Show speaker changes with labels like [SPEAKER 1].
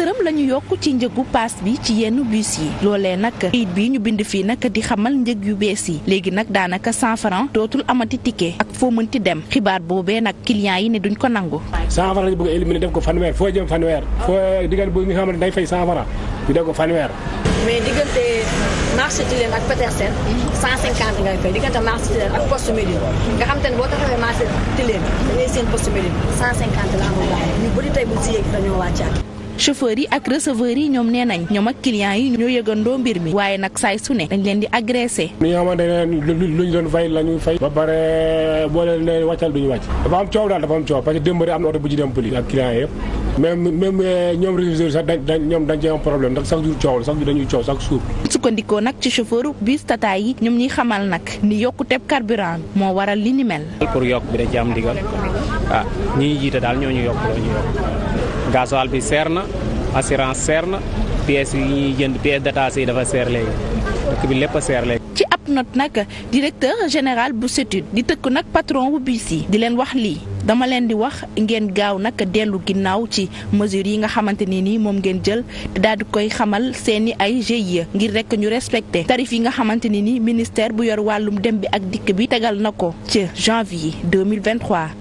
[SPEAKER 1] dërëm la ñu yokk ci njëgu paas bi ci yenn bus yi loolee nag kayit bi ñu bind fii nag di xamal njëg yu bees yi léegi nag daanaka cent franc dootul amati ticket ak foo mënti dem xibaar boobee nag client yi ne duñ ko nangu.
[SPEAKER 2] cent franc ñu bëgg a éliminer def ko fanweer foo jëm fanweer foo diggante bu nga xam ne day def ko fanweer. mais diggante marché Tilène ak Petersen cent cinquante ngay fay diggante marché Tilène ak poste Médine nga xam te ne boo taxawee marché Tilène da ngay seen poste Médine
[SPEAKER 1] chauffeurs yi ak receveurs yi ñoom nee nañ ñoom ak clients yi ñoo yëgandoo mbir mi waaye nag saay su ne dañ leen di agressé
[SPEAKER 2] li nga xamante la ñu fay ba pare boo leen ne wàccal du ñu wàcc dafa am coow daal dafa bu ci dem police ak clients yi yëpp même même eh, ñoom réviseurs sax dañ dañ ñoom dañ cee am problème ndax chaque jour coow la chaque jour dañuy coow chaque
[SPEAKER 1] nag ci chauffeur bus tata yi ñoom xamal nag ni yokkuteb carburant moo waral li ni mel.
[SPEAKER 2] pour yokk bi da ci am
[SPEAKER 3] ndigal ah ñi jiite daal ñoo ñu yokk loo yokk. gasoil bi seer na assurance seer na pièces yi ñuy jënd pièces détachées yi dafa seer léegi dëkk bi lépp a ci
[SPEAKER 1] ab note nag directeur général bu CETUD di tëkk nag patron wu bus yi di leen wax lii dama leen di wax ngeen gaaw nag dellu ginnaaw ci mesures yi nga xamante ni nii moom ngeen jël te daal di koy xamal seeni ay GIE ngir rek ñu respecté tarif yi nga xamante ni nii ministère bu yor wàllum dem bi ak dikk bi tegal na ko ci janvier 2023